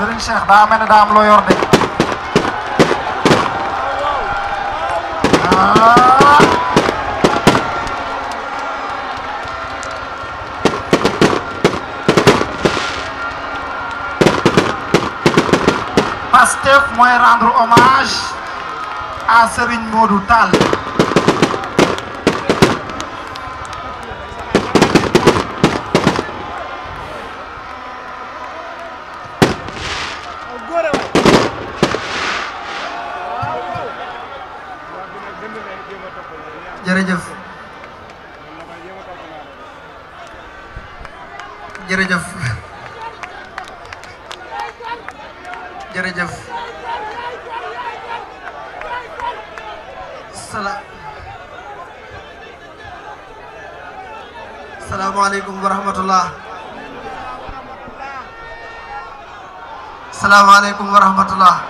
Serigne Cheikh daa mel ne loo yor de. Ah. Pastef mooy rendre hommage à Serigne Modou salaamaaleykum wa rahmatullah salaamaaleykum wa rahmatullah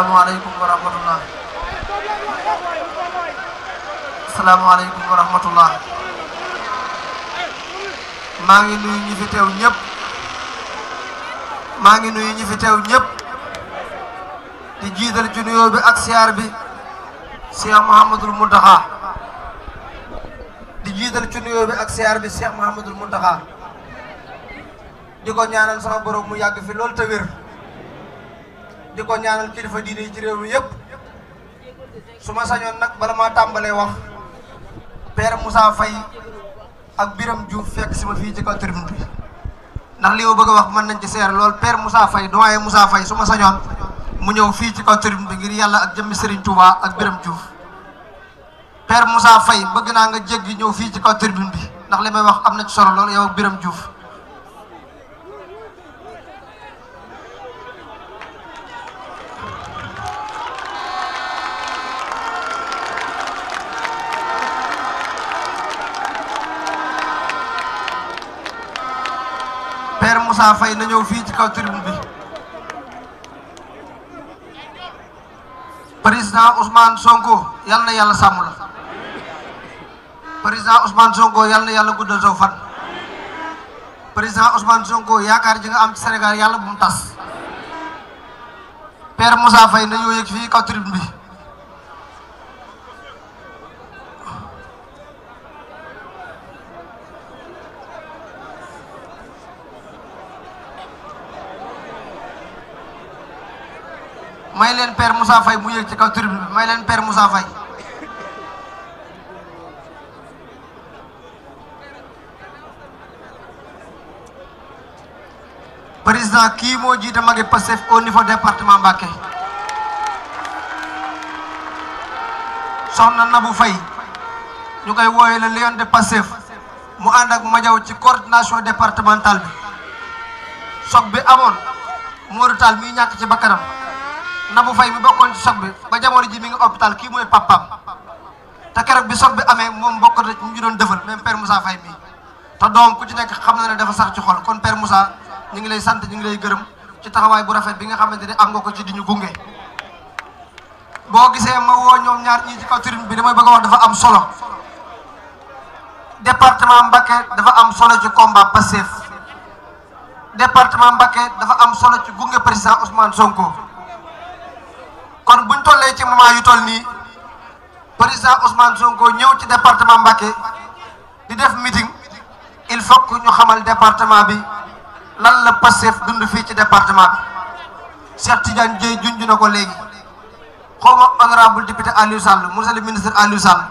asalaamaaleykum wa rahmatullah asalaamaaleykum wa maa ngi nuyu ñi fi ñëpp maa ngi nuyu ñi fi di jiital ci nuyoo bi ak siyaar bi Cheikh Mouhamadul Mountakha di jiital ci nuyoo bi ak siyaar bi Cheikh Mouhamadul Mountakha di ko ñaanal sama borom mu yàgg fi loolu te di ko ñaanal kilifa diine yi ci réew mi yëpp su ma sañoon nag bala maa tàmbalee wax per musaa fay ak Biram Diouf fekk si ma fii ci kaw tribune bi ndax li bëgg wax mën nañ ci seer lool père Moussa Faye doyen Moussa Faye su ma sañoon mu ñëw fii ci kaw tribune bi ngir yàlla ak jëmmi Serigne Touba ak Biram Diouf père Moussa Faye bëgg naa nga jéggi ñëw fii ci kaw tribune bi ndax li may wax am na ci solo lool yow ak Biram juuf Moussa Faye na ñëw fii ci kaw tribune bi président Ousmane Sonko yal na yàlla sàmm la président Ousmane Sonko yal na yàlla guddal soo fan président Ousmane Sonko yaakaar ji nga am ci Sénégal yàlla bu mu tas père Moussa Faye na ñëw yëg fii kaw tribune bi leen père Moussa mu yëg ci kaw tribune bi may président kii moo jiite magi Pastef au niveau département Mbacké soxna Nabou Faye ñu koy wooye le lion de Pastef mu ànd ak majaw ci coordination départementale bi soog bi amoon Modou Tall mi ñàkk ci bakkanam Nabou Faye mi bokkoon ci soog bi ba jamono ji mi ngi hôpital kii mooy papaam te keroog bi soog bi amee moom bokk mu ñu doon defal même père Moussa mi mii te doom ku ci nekk xam na ne dafa sax ci xol kon père Moussa ñu ngi lay sant ñu ngi lay gërëm ci taxawaay bu rafet bi nga xamante ne am nga ko ci di ñu gunge. boo gisee ma woo ñoom ñaar ñii ci kaw tribune bi damay bëgg a wax dafa am solo département Mbacké dafa am solo ci combat Pastef département Mbacké dafa am solo ci gunge président Ousmane Sonko. kon buñ tollee ci moment yu toll nii président Ousmane Sonko ñëw ci département Mbacké di def meeting il faut que ñu xamal département bi lan la Pastef dund fii ci département bi Cheikh Tidiane Dieye junj na ko léegi xawma honorable député Aliou Sall monsieur le ministre Aliou Sall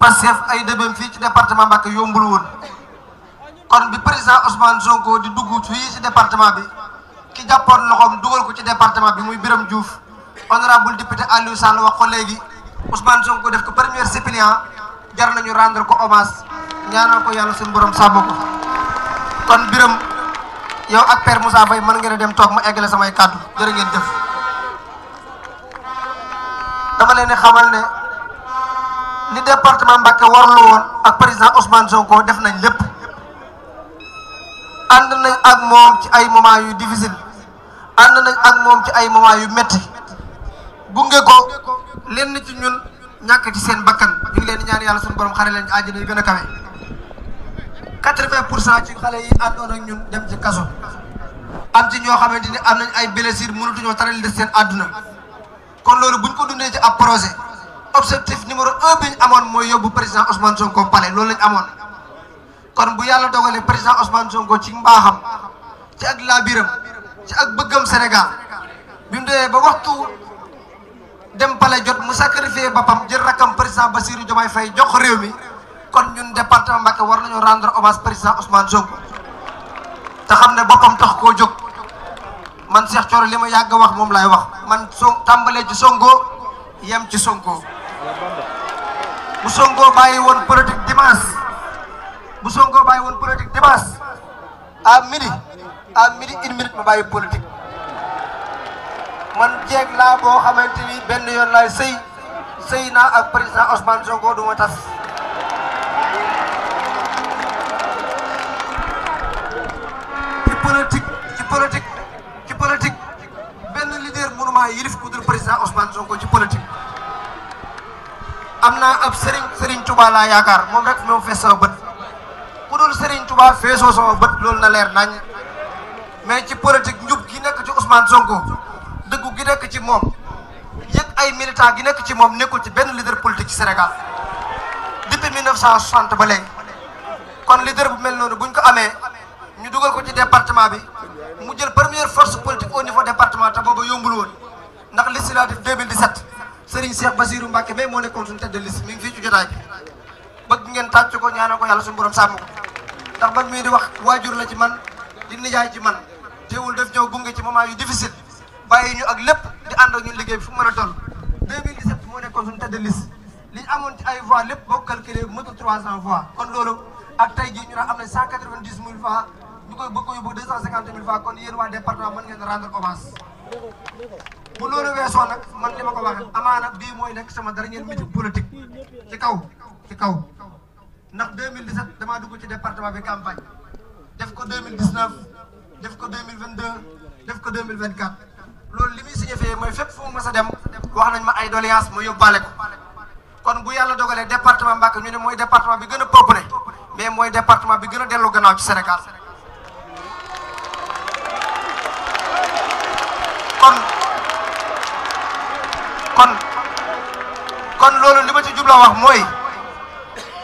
Pastef ay dëbëm fii ci département Mbacké yombul woon kon bi dugg fii ci département bi ki jàppoon loxoom dugal ko ci département bi muy biram Diouf honorable député Aliou Sall wax ko léegi Ousmane ko def ko premier suppléant jar nañu rendre ko hommage ñaanal ko yàlla suñu borom sàmm ko kon biram yow ak père Moussa Faye mën ngeen a dem toog ma eggale samay kàddu jërë ngeen jëf dama leen di xamal ne ni département Mbacké warlu woon ak président Ousmane ko def nañ lépp ànd nañ ak moom ci ay moment yu difficile ànd nañ ak moom ci ay moment yu metti gunge ko lenn ci ñun ñàkk ci seen bakkan ñu ngi leen di ñaan yàlla suñu borom xare leen ci àjjana yu gën a kawe. pour cent ci xale yi àndoon ak ñun dem ci kaso am ci ñoo xamante ni am nañ ay blessures mënatuñoo taral des seen àdduna kon loolu buñ ko dundee ci ab projet objectif numéro un bi ñu amoon mooy yóbbu président Ousmane Sonko palais loolu lañ amoon kon bu yàlla dogalee président Ousmane Sonko ci mbaaxam ci ak laabiram ci ak bëggam Sénégal dem pale jot mu sacrifié boppam jël rakam président Bassirou Diomaye Faye jox réew mi kon ñun département Mbacké war nañu rendre hommage président Ousmane Sonko te xam ne boppam tax koo jóg man Cheikh Thioro li ma yàgg wax moom lay wax man so tàmbalee ci Sonko yem ci Sonko bu Sonko bàyyi woon politique dimanche bu Sonko bàyyi woon politique dimanche à midi à midi une minute bàyyi politique. man jeeg laa boo xamante ni benn yoon laay sëy sëy naa ak président Ousmane Sonko du ma tas. ci politique ci politique benn leader mënu maa yilif ku dul président Ousmane Sonko ci politique. am naa ab Serigne Serigne Touba laa yaakaar moom rek moom fees sama bët ku dul Serigne Touba feesoo sama bët loolu na leer nañ mais ci politique njub gi nekk ci Ousmane Sonko. gi nekk ci moom yëg ay militant gi nekk ci moom nekkul ci benn leader politique ci Sénégal depuis 1960 ba léegi kon leader bu mel noonu bu ñu ko amee ñu dugal ko ci département bi mu jël première force politique au niveau département te booba yombul woon ndax législative 2017 Serigne Cheikh Basirou Mbacké mais moo nekkoon suñu tête de liste mi ngi fii ci jotaay bi bëgg ngeen tàcc ko ñaanal ko yàlla suñu borom sàmm ndax man mii di wax waajur la ci man di nijaay ci man teewul def ñëw gunge ci moment yu difficile. bàyyi ñu ak lépp di ànd ak ñun liggéey bi fu mu mën a toll 2017 moo nekkoon suñu tëdd liste li ñu amoon ci ay voix lépp boo calculé motu 300 voix kon loolu ak tey jii ñu naan am na 190 000 voix ñu koy bëgg ko yóbbu 250 000 voix kon yéen waa département mën ngeen rendre hommage. bu loolu weesoo nag man li ma ko waxee amaana bii mooy nekk sama dernier meeting politique ci kaw ci kaw ndax 2017 damaa dugg ci département bi campagne def ko 2019 def ko 2022 def ko 2024. loolu li muy signifié mooy fépp fu mu mës a dem wax nañ ma ay doléance mu yóbbaale ko kon bu yàlla dogalee département Mbacké ñu ne mooy département bi gën a peuplé mais mooy département bi gën a dellu gannaaw ci Sénégal kon kon loolu li ma ci jubla wax mooy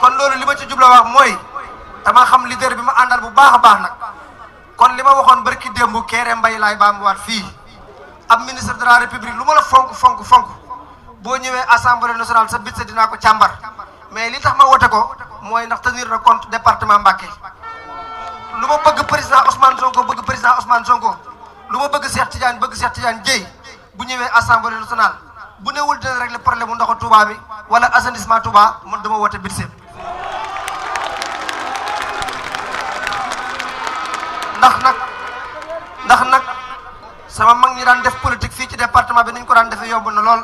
kon loolu li ma ci jubla mooy dama xam leader bi ma àndal bu baax a baax nag kon li ma waxoon barki démb Kéré Mbaye laay baamuwaat fii ab ministre de la république lu ma la fonk fonk fonk boo ñëwee assemblée nationale sa budget dinaa ko càmbar mais li tax ma wote ko mooy ndax tenir na compte département Mbacké lu ma bëgg président Ousmane Sonko bëgg président Ousmane Sonko lu ma bëgg Cheikh Tidiane bëgg Cheikh Tidiane Dièye bu ñëwee assemblée nationale bu newul dina régler problème mu ndox Touba bi wala assainissement Touba man dama wote budget ndax nag ndax nag sama mag ñi daan def politique fii ci département bi ni ko daan defee yomb na lool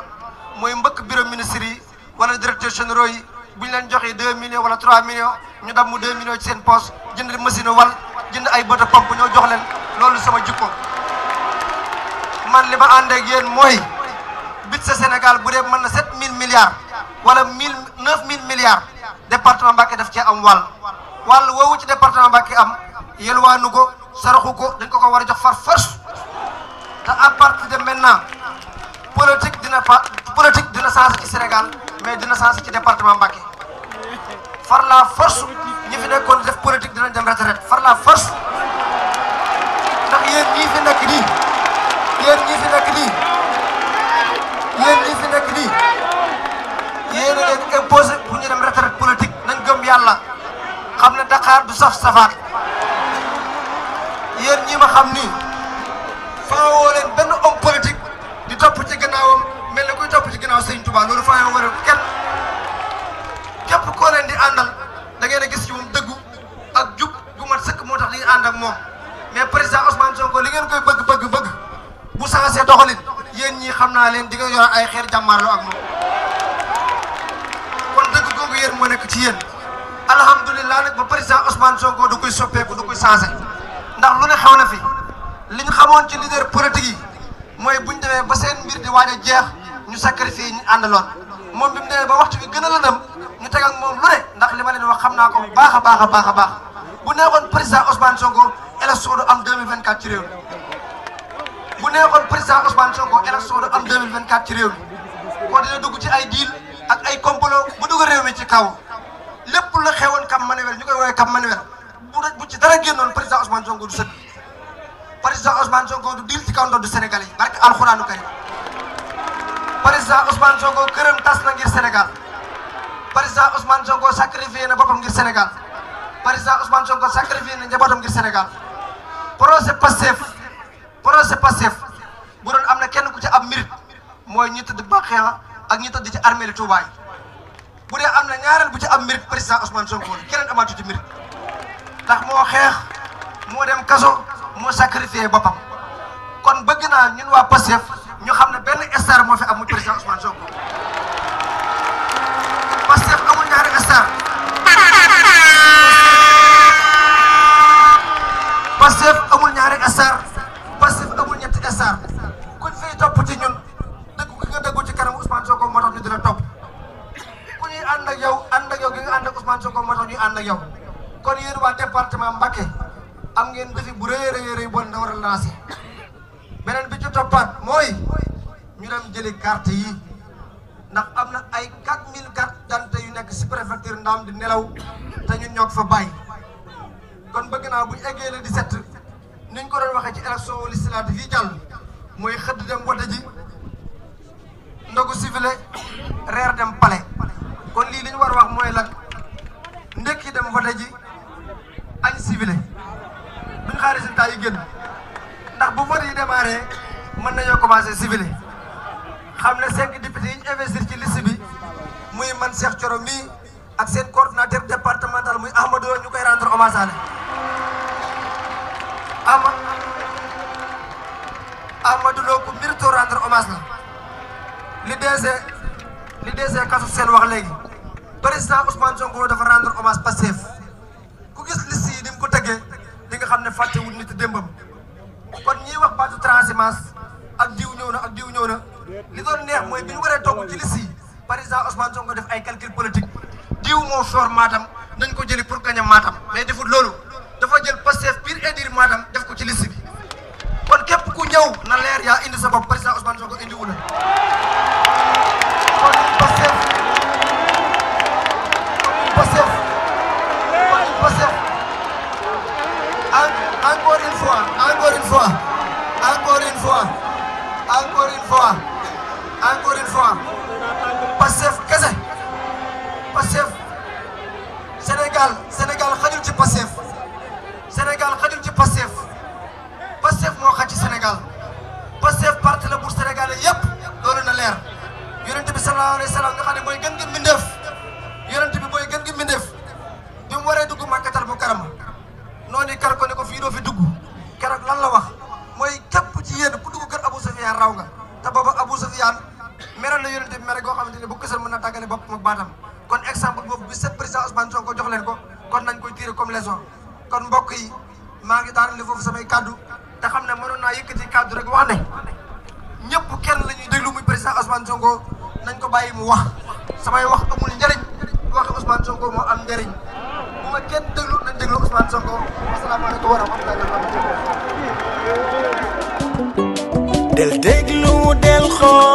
mooy mbëkk bureau ministre yi wala directeur généraux yi bu ñu leen joxee deux millions wala trois millions ñu dam mu deux millions ci seen poche jënd machine wal jënd ay bët a pompe ñoo jox leen loolu sama jikko man li ba ànd ak mooy mooy budget Sénégal bu dee mën na sept mille milliards wala mille neuf mille milliards département Mbacké daf cee am wàll wàll woowu ci département Mbacké am yelwaanu ko saraxu ko dañ ko ko war a jox far force te à partir de maintenant politique dina fa politique dina changé ci Sénégal mais dina changé ci département Mbacké far la force ñi fi nekkoon def politique dina dem retraite far la force ndax yéen ñii fi nekk nii yéen ñii fi nekk nii yéen ñii fi nekk nii yéen a leen imposé pour ñu dem retraite politique nañ gëm yàlla xam ne Dakar du saf safaat yéen ñi ma xam nii. Touba loolu faa yoo waral kenn képp koo di àndal da ngeen a gis ci moom dëggu ak jub bu mat sëkk moo tax li ñu ànd ak moom mais président Ousmane Sonko li ngeen koy bëgg bëgg bëgg bu saxasee doxalin yéen ñi xam naa leen di nga yor ay xeer jàmmaarloo ak moom kon dëgg googu yéen moo nekk ci yéen alhamdulilah nag ba président Ousmane Sonko du koy soppeeku du koy changé ndax lu ne xaw na fi li xamoon ci leader politique yi mooy bu ñu demee ba seen mbir di waaj a jeex. ñu sacrifié ñu àndaloon moom bi mu demee ba waxtu bi gën a la dem ñu teg ak moom lu ne ndax li ma leen wax xam naa ko baax a baax baax a baax bu neexoon président Ousmane Sonko élection du am 2024 ci réew mi bu neexoon président Ousmane Sonko élection du am 2024 ci réew mi kon dina dugg ci ay diil ak ay complot bu dugg réew mi ci kaw lépp la xewoon Cap Manuel ñu koy woowee Cap Manuel bu bu ci dara génnoon président Ousmane Sonko du sëkk président Ousmane Sonko du diil ci kaw ndodd du Sénégal yi barke alxuraanu karim président Ousmane Sonko këram tas na ngir Sénégal président Ousmane Sonko sacrifié na boppam ngir Sénégal président Ousmane Sonko sacrifié na njabootam ngir Sénégal projet Pastef projet Pastef bu doon am na kenn ku ci am mérite mooy ñi tëdd Bakhia ak ñi tëdd ci armée li Touba bu dee am na ñaareel bu ci am mérite président Ousmane Sonko keneen amaatu ci mérite ndax moo xeex moo dem kaso moo sacrifié boppam kon bëgg naa ñun waa Pastef ñu xam ne benn star moo fi am mu président Ousmane séddale carte yi ndax am na ay 4000 carte d'identité yu nekk si préfecture Ndam di nelaw te ñun ñoo ko fa bàyyi kon bëgg naa bu ñu eggee le 17 ni ñu ko doon waxee ci élection législative yi jàll mooy xëdd dem wote ji ndogu civilé reer dem palais kon lii li ñu war a wax mooy lan ndekki dem wote ji añ civilé bu ñu xaar génn ndax bu vote yi démarré mën nañoo commencé civilé. am na cinq députés yi ñu investir ci liste bi muy man Cheikh Thioro mii ak seen coordonnateur départemental muy Ahmadou ñu koy rendre hommage ale ama Ahmadou Lo ku mérite rendre hommage la li dese li dese kasu seen wax léegi président Ousmane Sonko dafa rendre hommage Pastef ku gis liste yi ni mu ko tegee li nga xam ne fàttewul nit démbam kon ñiy wax parti transhumance ak diw ñëw na ak diw ñëw na li doon neex mooy bi ñu waree togg ci liste yi président Ousmane Sonko def ay calcul politique diw moo soor Matam nañ ko jëli pour gagner Matam mais defut loolu dafa jël Pastef biir indil Matam def ko ci liste bi kon képp ku ñëw na leer yaa indi sa bopp président Ousmane Sonko indi wu encore une fois encore une fois encore une fois. encore une fois Pastef kese Pastef Sénégal Sénégal xajul ci Pastef Sénégal ci Pastef Pastef moo xaj ci Sénégal Pastef parti la pour sénégalais yëpp loolu na leer yonent bi sallallahu alayhi wa sallam nga xam ne mooy gën gi mbindeef yonent bi mooy gën gi mbindeef bi mu waree dugg Makkatal Mukarrama noonu kar ko ne ko fii doo fi dugg keroog lan la wax mooy képp ci yéen ku dugg kër Abu Sufyaan raw nga baatam kon exemple boobu bi set président jox leen ko kon nañ koy tirer comme leçon kon mbokk yi maa ngi daanale foofu samay kaddu te xam ne mënoon naa yëkkati kaddu rek wax ne ñëpp kenn la ñuy déglu muy président Ousmane Sonko nañ ko bayi mu wax samay wax amul njëriñ waxe Ousmane Sonko mo am njëriñ bu ma kenn déglu nañ déglu Ousmane Sonko asalaamaaleykum wa rahmatulah. del déglu del xool.